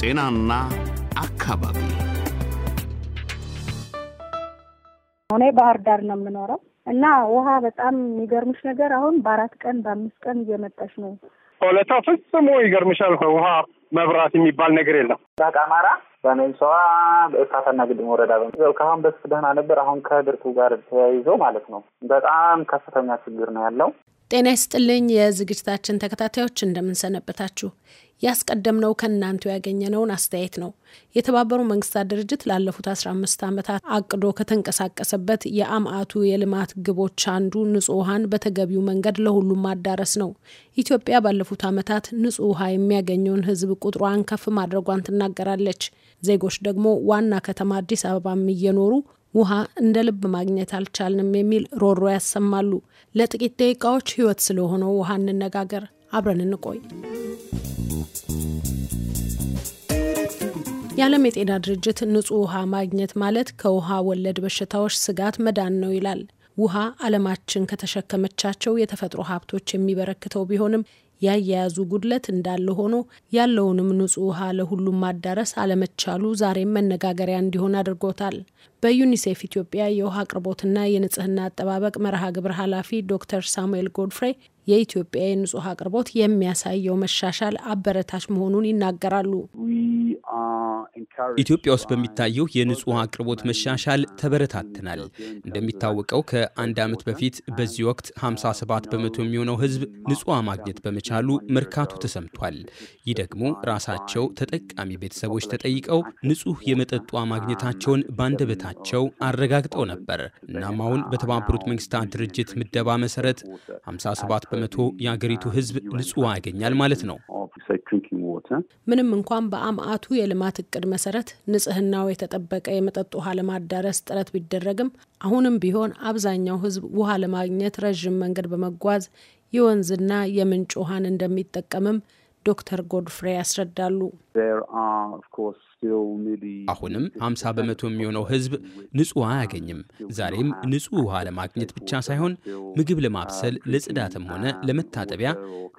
ጤናና አካባቢ እኔ ባህር ዳር ነው የምኖረው እና ውሃ በጣም የሚገርምሽ ነገር አሁን በአራት ቀን በአምስት ቀን እየመጣች ነው። ሆለታ ፍጽሞ ይገርምሻል። ውሃ መብራት የሚባል ነገር የለም። አማራ በሜንሰዋ በእሳትና ግድም ወረዳ ከአሁን በፊት ደህና ነበር። አሁን ከድርቱ ጋር ተያይዞ ማለት ነው በጣም ከፍተኛ ችግር ነው ያለው። ጤና ይስጥልኝ የዝግጅታችን ተከታታዮች እንደምንሰነበታችሁ። ያስቀደምነው ከእናንተ ያገኘነውን አስተያየት ነው። የተባበሩ መንግስታት ድርጅት ላለፉት 15 ዓመታት አቅዶ ከተንቀሳቀሰበት የአምአቱ የልማት ግቦች አንዱ ንጹህ ውሃን በተገቢው መንገድ ለሁሉም ማዳረስ ነው። ኢትዮጵያ ባለፉት ዓመታት ንጹህ ውሃ የሚያገኘውን ህዝብ ቁጥሯን ከፍ ማድረጓን ትናገራለች። ዜጎች ደግሞ ዋና ከተማ አዲስ አበባም እየኖሩ ውሃ እንደ ልብ ማግኘት አልቻልንም የሚል ሮሮ ያሰማሉ። ለጥቂት ደቂቃዎች ህይወት ስለሆነው ውሃ እንነጋገር፣ አብረን እንቆይ። የዓለም የጤና ድርጅት ንጹህ ውሃ ማግኘት ማለት ከውሃ ወለድ በሽታዎች ስጋት መዳን ነው ይላል። ውሃ ዓለማችን ከተሸከመቻቸው የተፈጥሮ ሀብቶች የሚበረክተው ቢሆንም ያያያዙ ጉድለት እንዳለ ሆኖ ያለውንም ንጹህ ውሃ ለሁሉም ማዳረስ አለመቻሉ ዛሬም መነጋገሪያ እንዲሆን አድርጎታል። በዩኒሴፍ ኢትዮጵያ የውሃ አቅርቦትና የንጽህና አጠባበቅ መርሃ ግብር ኃላፊ ዶክተር ሳሙኤል ጎድፍሬ የኢትዮጵያ የንጹህ አቅርቦት የሚያሳየው መሻሻል አበረታች መሆኑን ይናገራሉ። ኢትዮጵያ ውስጥ በሚታየው የንጹህ አቅርቦት መሻሻል ተበረታትናል። እንደሚታወቀው ከአንድ ዓመት በፊት በዚህ ወቅት 57 በመቶ የሚሆነው ሕዝብ ንጹህ ማግኘት በመቻሉ መርካቱ ተሰምቷል። ይህ ደግሞ ራሳቸው ተጠቃሚ ቤተሰቦች ተጠይቀው ንጹህ የመጠጧ ማግኘታቸውን ባንደበታል መሆናቸው አረጋግጠው ነበር። እናም አሁን በተባበሩት መንግስታት ድርጅት ምደባ መሰረት 57 በመቶ የአገሪቱ ህዝብ ንጹህ ያገኛል ማለት ነው። ምንም እንኳን በአምአቱ የልማት እቅድ መሰረት ንጽህናው የተጠበቀ የመጠጥ ውሃ ለማዳረስ ጥረት ቢደረግም አሁንም ቢሆን አብዛኛው ህዝብ ውሃ ለማግኘት ረዥም መንገድ በመጓዝ የወንዝና የምንጭ ውሃን እንደሚጠቀምም ዶክተር ጎድፍሬ ያስረዳሉ። አሁንም 50 በመቶ የሚሆነው ህዝብ ንጹህ ውሃ አያገኝም። ዛሬም ንጹህ ውሃ ለማግኘት ብቻ ሳይሆን ምግብ ለማብሰል ለጽዳትም ሆነ ለመታጠቢያ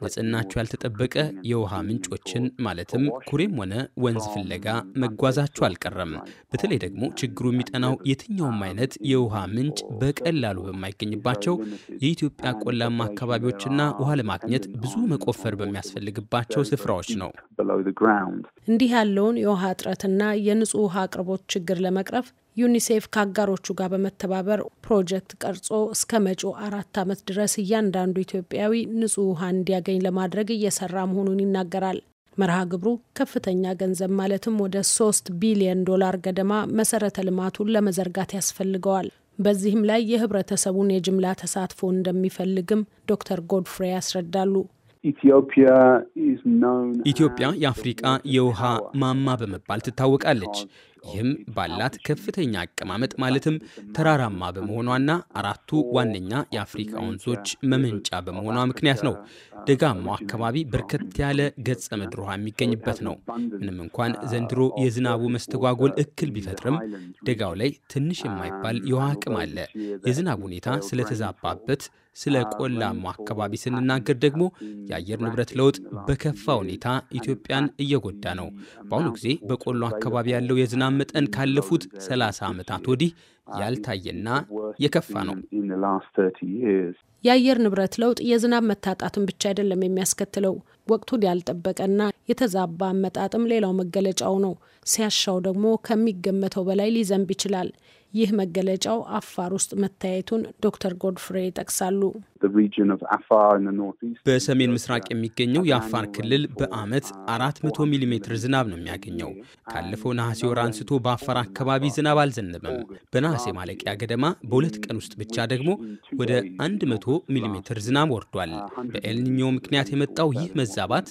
ንጽህናቸው ያልተጠበቀ የውሃ ምንጮችን ማለትም ኩሬም ሆነ ወንዝ ፍለጋ መጓዛቸው አልቀረም። በተለይ ደግሞ ችግሩ የሚጠናው የትኛውም አይነት የውሃ ምንጭ በቀላሉ በማይገኝባቸው የኢትዮጵያ ቆላማ አካባቢዎችና ውሃ ለማግኘት ብዙ መቆፈር በሚያስፈልግባቸው ስፍራዎች ነው። እንዲህ ያለውን የውሃ እጥረትና የንጹህ ውሃ አቅርቦት ችግር ለመቅረፍ ዩኒሴፍ ከአጋሮቹ ጋር በመተባበር ፕሮጀክት ቀርጾ እስከ መጪው አራት ዓመት ድረስ እያንዳንዱ ኢትዮጵያዊ ንጹህ ውሃ እንዲያገኝ ለማድረግ እየሰራ መሆኑን ይናገራል። መርሃ ግብሩ ከፍተኛ ገንዘብ ማለትም ወደ ሶስት ቢሊዮን ዶላር ገደማ መሰረተ ልማቱን ለመዘርጋት ያስፈልገዋል። በዚህም ላይ የህብረተሰቡን የጅምላ ተሳትፎ እንደሚፈልግም ዶክተር ጎድፍሬ ያስረዳሉ። ኢትዮጵያ የአፍሪቃ የውሃ ማማ በመባል ትታወቃለች። ይህም ባላት ከፍተኛ አቀማመጥ ማለትም ተራራማ በመሆኗና አራቱ ዋነኛ የአፍሪካ ወንዞች መመንጫ በመሆኗ ምክንያት ነው። ደጋማው አካባቢ በርከት ያለ ገጸ ምድር ውሃ የሚገኝበት ነው። ምንም እንኳን ዘንድሮ የዝናቡ መስተጓጎል እክል ቢፈጥርም ደጋው ላይ ትንሽ የማይባል የውሃ አቅም አለ። የዝናብ ሁኔታ ስለተዛባበት ስለ ቆላማ አካባቢ ስንናገር ደግሞ የአየር ንብረት ለውጥ በከፋ ሁኔታ ኢትዮጵያን እየጎዳ ነው። በአሁኑ ጊዜ በቆሎ አካባቢ ያለው የዝናብ መጠን ካለፉት 30 ዓመታት ወዲህ ያልታየና የከፋ ነው። የአየር ንብረት ለውጥ የዝናብ መታጣትን ብቻ አይደለም የሚያስከትለው። ወቅቱን ያልጠበቀና የተዛባ አመጣጥም ሌላው መገለጫው ነው። ሲያሻው ደግሞ ከሚገመተው በላይ ሊዘንብ ይችላል። ይህ መገለጫው አፋር ውስጥ መታየቱን ዶክተር ጎድፍሬ ይጠቅሳሉ። በሰሜን ምስራቅ የሚገኘው የአፋር ክልል በዓመት 400 ሚሊ ሜትር ዝናብ ነው የሚያገኘው። ካለፈው ነሐሴ ወር አንስቶ በአፋር አካባቢ ዝናብ አልዘነበም። በነሐሴ ማለቂያ ገደማ በሁለት ቀን ውስጥ ብቻ ደግሞ ወደ 100 ሚሊ ሜትር ዝናብ ወርዷል። በኤልኒኞ ምክንያት የመጣው ይህ መዛባት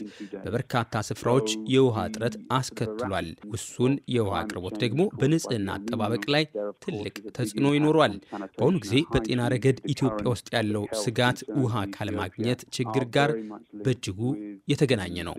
በበርካታ ስፍራዎች የውሃ እጥረት አስከትሏል። ውሱን የውሃ አቅርቦት ደግሞ በንጽህና አጠባበቅ ላይ ትልቅ ተጽዕኖ ይኖሯል። በአሁኑ ጊዜ በጤና ረገድ ኢትዮጵያ ውስጥ ያለው ስጋት ውሃ ካለማግኘት ችግር ጋር በእጅጉ የተገናኘ ነው።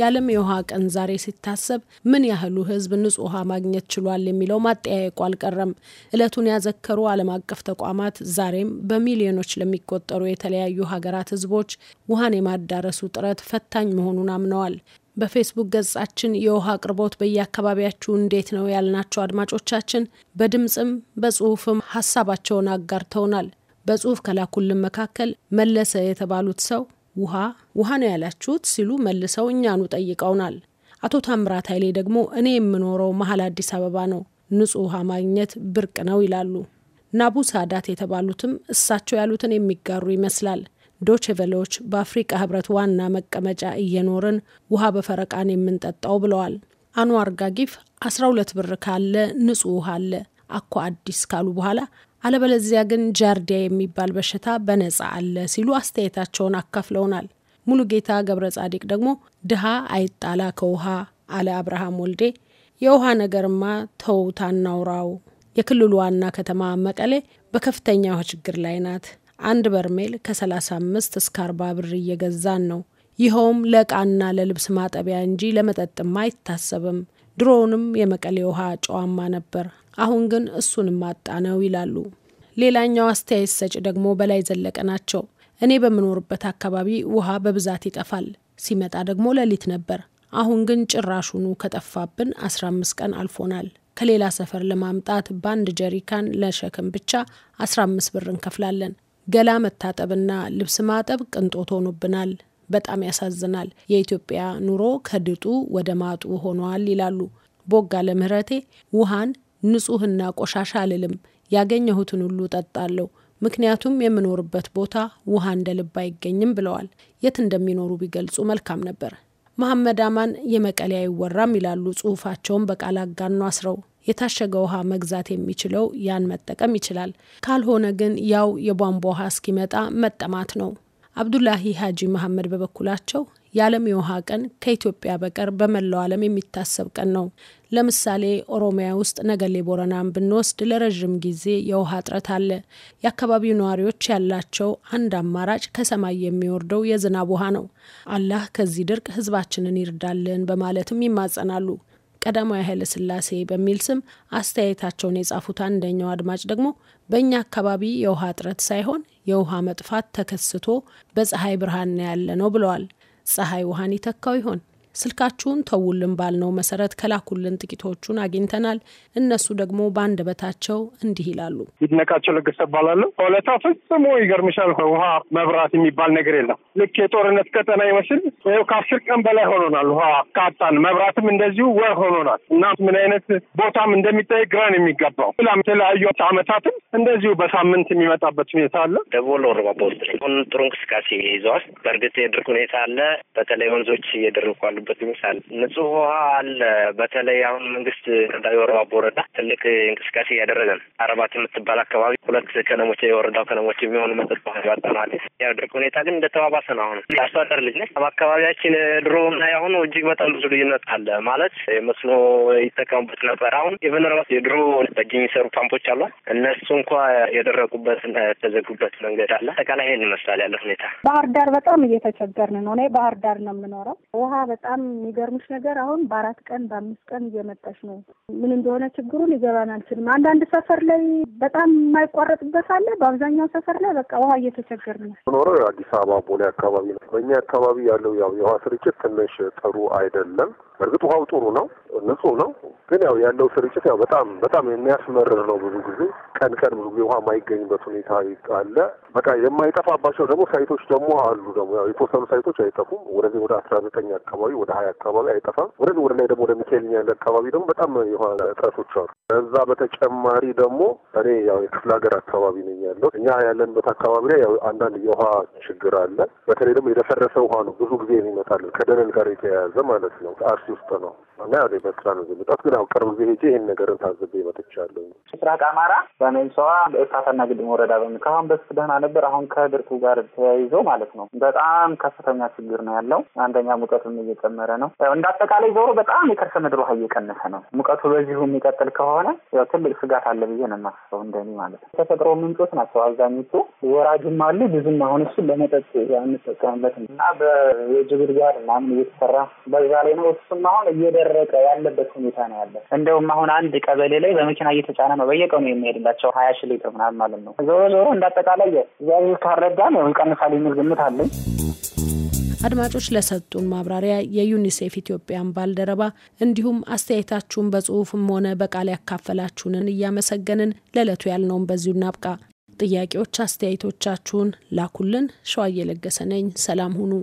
የዓለም የውሃ ቀን ዛሬ ሲታሰብ ምን ያህሉ ሕዝብ ንጹህ ውሃ ማግኘት ችሏል የሚለው ማጠያየቁ አልቀረም። እለቱን ያዘከሩ ዓለም አቀፍ ተቋማት ዛሬም በሚሊዮኖች ለሚቆጠሩ የተለያዩ ሀገራት ሕዝቦች ውሃን የማዳረሱ ጥረት ፈታኝ መሆኑን አምነዋል። በፌስቡክ ገጻችን የውሃ አቅርቦት በየአካባቢያችሁ እንዴት ነው ያልናቸው አድማጮቻችን በድምፅም በጽሁፍም ሀሳባቸውን አጋርተውናል። በጽሁፍ ከላኩልን መካከል መለሰ የተባሉት ሰው ውሃ ውሃ ነው ያላችሁት ሲሉ መልሰው እኛኑ ጠይቀውናል። አቶ ታምራት ኃይሌ ደግሞ እኔ የምኖረው መሀል አዲስ አበባ ነው፣ ንጹህ ውሃ ማግኘት ብርቅ ነው ይላሉ። ናቡ ሳዳት የተባሉትም እሳቸው ያሉትን የሚጋሩ ይመስላል። ዶችቬሌዎች በአፍሪቃ ህብረት ዋና መቀመጫ እየኖርን ውሃ በፈረቃን የምንጠጣው ብለዋል። አንዋር ጋጊፍ አስራ ሁለት ብር ካለ ንጹህ ውሃ አለ አኳ አዲስ ካሉ በኋላ አለበለዚያ ግን ጃርዲያ የሚባል በሽታ በነጻ አለ ሲሉ አስተያየታቸውን አካፍለውናል። ሙሉ ጌታ ገብረ ጻዲቅ ደግሞ ድሃ አይጣላ ከውሃ አለ። አብርሃም ወልዴ የውሃ ነገርማ ተውታ እናውራው። የክልሉ ዋና ከተማ መቀሌ በከፍተኛ ችግር ላይ ናት። አንድ በርሜል ከ35 እስከ 40 ብር እየገዛን ነው። ይኸውም ለዕቃና ለልብስ ማጠቢያ እንጂ ለመጠጥማ አይታሰብም። ድሮውንም የመቀሌ ውሃ ጨዋማ ነበር፣ አሁን ግን እሱንም አጣ ነው ይላሉ። ሌላኛው አስተያየት ሰጭ ደግሞ በላይ ዘለቀ ናቸው። እኔ በምኖርበት አካባቢ ውሃ በብዛት ይጠፋል። ሲመጣ ደግሞ ሌሊት ነበር። አሁን ግን ጭራሹኑ ከጠፋብን 15 ቀን አልፎናል። ከሌላ ሰፈር ለማምጣት በአንድ ጀሪካን ለሸክም ብቻ 15 ብር እንከፍላለን። ገላ መታጠብና ልብስ ማጠብ ቅንጦት ሆኖብናል። በጣም ያሳዝናል። የኢትዮጵያ ኑሮ ከድጡ ወደ ማጡ ሆኗል ይላሉ ቦጋ ለምህረቴ። ውሃን ንጹህና ቆሻሻ አልልም፣ ያገኘሁትን ሁሉ ጠጣለሁ። ምክንያቱም የምኖርበት ቦታ ውሃ እንደ ልብ አይገኝም ብለዋል። የት እንደሚኖሩ ቢገልጹ መልካም ነበር። መሐመድ አማን የመቀሌ አይወራም ይላሉ ጽሁፋቸውን በቃል አጋኖ አስረው የታሸገ ውሃ መግዛት የሚችለው ያን መጠቀም ይችላል። ካልሆነ ግን ያው የቧንቧ ውሃ እስኪመጣ መጠማት ነው። አብዱላሂ ሀጂ መሐመድ በበኩላቸው የዓለም የውሃ ቀን ከኢትዮጵያ በቀር በመላው ዓለም የሚታሰብ ቀን ነው። ለምሳሌ ኦሮሚያ ውስጥ ነገሌ ቦረናን ብንወስድ ለረዥም ጊዜ የውሃ እጥረት አለ። የአካባቢው ነዋሪዎች ያላቸው አንድ አማራጭ ከሰማይ የሚወርደው የዝናብ ውሃ ነው። አላህ ከዚህ ድርቅ ህዝባችንን ይርዳልን በማለትም ይማጸናሉ። ቀዳማዊ ኃይለ ስላሴ በሚል ስም አስተያየታቸውን የጻፉት አንደኛው አድማጭ ደግሞ በእኛ አካባቢ የውሃ እጥረት ሳይሆን የውሃ መጥፋት ተከስቶ በፀሐይ ብርሃን ያለ ነው ብለዋል። ፀሐይ ውሃን ይተካው ይሆን? ስልካችሁን ተውልን ባልነው መሰረት ከላኩልን ጥቂቶቹን አግኝተናል። እነሱ ደግሞ በአንድ በታቸው እንዲህ ይላሉ። ይድነቃቸው ለገሰ እባላለሁ። እውነታ ፈጽሞ ይገርምሻል። ውሃ መብራት የሚባል ነገር የለም። ልክ የጦርነት ቀጠና ይመስል ይኸው ከአስር ቀን በላይ ሆኖናል። ውሃ ካጣን መብራትም እንደዚሁ ወር ሆኖናል እና ምን አይነት ቦታም እንደሚታይ ግራን የሚገባው። ላም የተለያዩ አመታትም እንደዚሁ በሳምንት የሚመጣበት ሁኔታ አለ። ደቦል ወረባ ፖስት ጥሩ እንቅስቃሴ ይዘዋል። በእርግጥ የድርቅ ሁኔታ አለ። በተለይ ወንዞች እየደረቁ አሉ የሚሄዱበት ይመስላል። ንጹህ ውሃ አለ። በተለይ አሁን መንግስት ዳዊ ወረባ በወረዳ ትልቅ እንቅስቃሴ እያደረገ ነው። አረባት የምትባል አካባቢ ሁለት ከነሞች የወረዳው ከነሞች የሚሆኑ መጠጥ ውሃ ያወጣ ያደርግ ሁኔታ ግን እንደተባባሰ ነው። አሁን አርሶ አደር ልጅ ነች። በአካባቢያችን ድሮ እና አሁን እጅግ በጣም ብዙ ልዩነት አለ። ማለት መስኖ ይጠቀሙበት ነበር። አሁን የበነረባት የድሮ በእጅ የሚሰሩ ፓምፖች አሏል። እነሱ እንኳ የደረቁበት ተዘጉበት መንገድ አለ። አጠቃላይ ይሄን ይመስላል ያለ ሁኔታ። ባህር ዳር በጣም እየተቸገርን ነው። እኔ ባህር ዳር ነው የምኖረው። ውሃ በጣም በጣም የሚገርምሽ ነገር አሁን በአራት ቀን በአምስት ቀን እየመጣች ነው። ምን እንደሆነ ችግሩን ይገባን አልችልም። አንዳንድ ሰፈር ላይ በጣም የማይቋረጥበት አለ። በአብዛኛው ሰፈር ላይ በቃ ውሃ እየተቸገር ነው። ኖረ አዲስ አበባ ቦሌ አካባቢ ነው። በእኛ አካባቢ ያለው ያው የውሃ ስርጭት ትንሽ ጥሩ አይደለም። እርግጥ ውሃው ጥሩ ነው፣ ንጹህ ነው። ግን ያው ያለው ስርጭት ያው በጣም በጣም የሚያስመርር ነው። ብዙ ጊዜ ቀን ቀን ብዙ ጊዜ ውሃ የማይገኝበት ሁኔታ አለ። በቃ የማይጠፋባቸው ደግሞ ሳይቶች ደግሞ አሉ። ደግሞ የተወሰኑ ሳይቶች አይጠፉም። ወደዚህ ወደ አስራ ዘጠኝ አካባቢ ወደ ሀያ አካባቢ አይጠፋም። ወደ ወደ ላይ ደግሞ ወደ ሚካኤል አካባቢ ደግሞ በጣም የሆነ እጥረቶች አሉ። እዛ በተጨማሪ ደግሞ እኔ ያው የክፍለ ሀገር አካባቢ ነኝ ያለው። እኛ ያለንበት አካባቢ ላይ ያው አንዳንድ የውሃ ችግር አለ። በተለይ ደግሞ የደፈረሰ ውሃ ነው ብዙ ጊዜ የሚመጣለን ከደለል ጋር የተያያዘ ማለት ነው። አርሲ ውስጥ ነው እና ወደ በስራ ነው የመጣሁት። ግን ያው ቅርብ ጊዜ ሄጄ ይህን ነገርን ታዝቤ መጥቻለሁ። ምስራቅ አማራ በሜንሸዋ እሳትና ግድም ወረዳ በሚ ከአሁን በፊት ደህና ነበር። አሁን ከድርቱ ጋር ተያይዞ ማለት ነው በጣም ከፍተኛ ችግር ነው ያለው። አንደኛ ሙቀቱም እየጨመረ ነው። እንዳጠቃላይ ዞሮ በጣም የከርሰ ምድር ውሃ እየቀነሰ ነው። ሙቀቱ በዚሁ የሚቀጥል ከሆነ ያው ትልቅ ስጋት አለ ብዬ ነው የማስበው፣ እንደኔ ማለት ነው። ተፈጥሮ ምንጮች ናቸው አብዛኞቹ፣ ወራጅም አሉ ብዙም። አሁን እሱን ለመጠጥ አንጠቀምበት እና በጅግድ ጋር ምናምን እየተሰራ በዛ ላይ ነው። እሱም አሁን እየደረ እየደረቀ ያለበት ሁኔታ ነው ያለ። እንደውም አሁን አንድ ቀበሌ ላይ በመኪና እየተጫነ ነው በየቀኑ የሚሄድላቸው ሀያ ሺ ሊትር ምናምን ማለት ነው። ዞሮ ዞሮ እንዳጠቃላይ እግዚአብሔር ካረዳን ያው ይቀንሳል የሚል ግምት አለኝ። አድማጮች ለሰጡን ማብራሪያ የዩኒሴፍ ኢትዮጵያን ባልደረባ እንዲሁም አስተያየታችሁን በጽሁፍም ሆነ በቃል ያካፈላችሁንን እያመሰገንን ለዕለቱ ያልነውን በዚሁ እናብቃ። ጥያቄዎች፣ አስተያየቶቻችሁን ላኩልን። ሸዋዬ ለገሰ ነኝ። ሰላም ሁኑ።